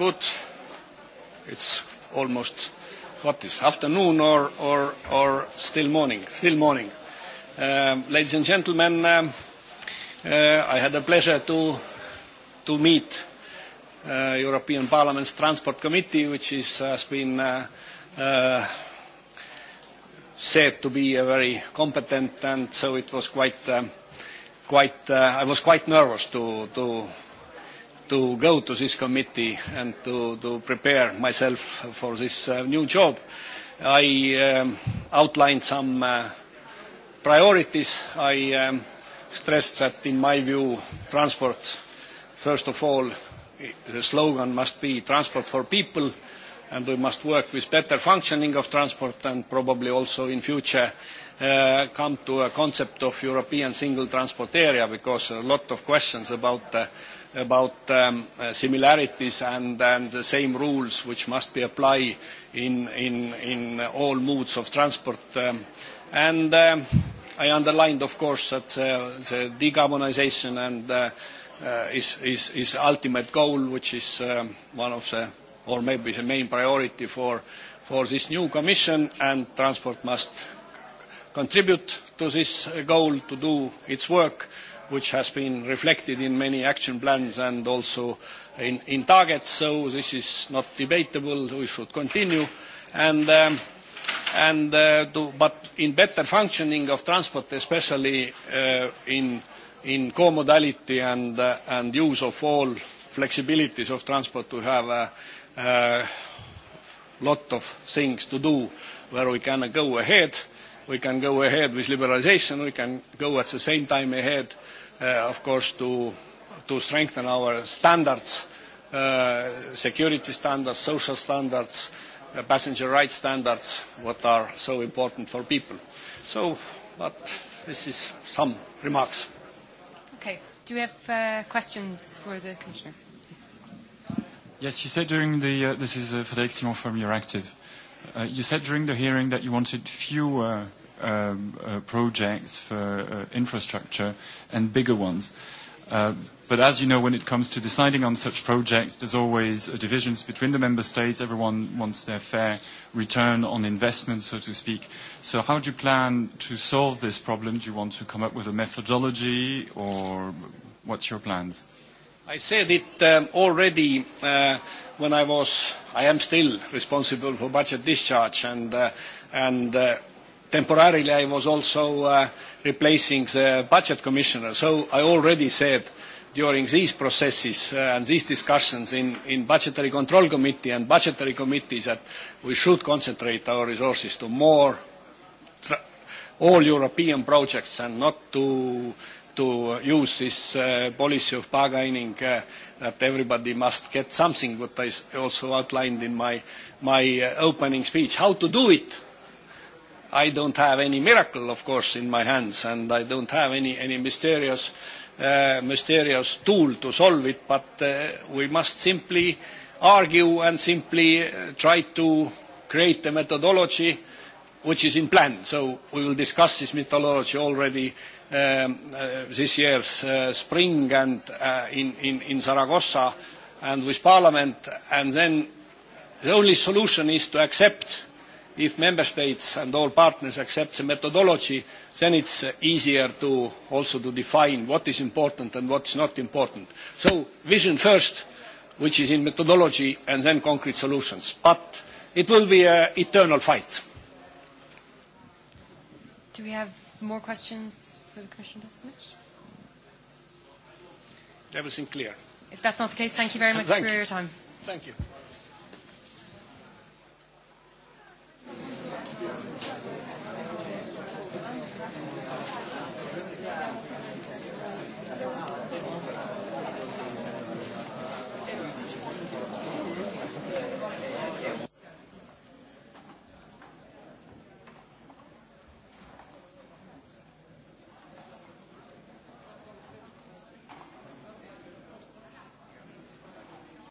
Good. It's almost, what is, afternoon or, or, or still morning? Still morning. Um, ladies and gentlemen, um, uh, I had the pleasure to, to meet uh, European Parliament's Transport Committee, which is, has been uh, uh, said to be a very competent, and so it was quite, um, quite. Uh, I was quite nervous to to to go to this committee and to, to prepare myself for this uh, new job. I um, outlined some uh, priorities. I um, stressed that, in my view, transport, first of all, the slogan must be transport for people, and we must work with better functioning of transport and probably also in future uh, come to a concept of European single transport area because a lot of questions about uh, about similarities and, the same rules which must be applied in, all modes of transport. and I underlined, of course, that the decarbonisation and, is, is, is ultimate goal, which is one of the, or maybe the main priority for, for this new commission, and transport must contribute to this goal to do its work which has been reflected in many action plans and also in targets. So this is not debatable. We should continue. But in better functioning of transport, especially in co-modality and use of all flexibilities of transport, we have a lot of things to do where we can go ahead we can go ahead with liberalization. We can go at the same time ahead, of course, to strengthen our standards, security standards, social standards, passenger rights standards, what are so important for people. So, but this is some remarks. Okay. Do we have uh, questions for the Commissioner? Yes, you said during the, uh, this is uh, Frédéric Simon from Euractiv. Uh, you said during the hearing that you wanted fewer projects for infrastructure and bigger ones. But as you know, when it comes to deciding on such projects, there's always divisions between the member states. Everyone wants their fair return on investment, so to speak. So how do you plan to solve this problem? Do you want to come up with a methodology, or what's your plans? I said it already when I was. I am still responsible for budget discharge, and temporarily I was also uh, replacing the budget commissioner. So I already said during these processes uh, and these discussions in, in budgetary control committee and budgetary Committee that we should concentrate our resources to more all European projects and not to to use this uh, policy of bargaining uh, that everybody must get something, what I also outlined in my, my uh, opening speech. How to do it? I don't have any miracle, of course, in my hands, and I don't have any, any mysterious, uh, mysterious tool to solve it, but uh, we must simply argue and simply try to create a methodology which is in plan. So we will discuss this methodology already um, uh, this year's uh, spring and uh, in, in, in Zaragoza and with Parliament, and then the only solution is to accept if member states and all partners accept the methodology, then it's easier to also to define what is important and what is not important. So vision first, which is in methodology, and then concrete solutions. But it will be an eternal fight. Do we have more questions for the Commissioner Everything clear. If that's not the case, thank you very much for your time. Thank you.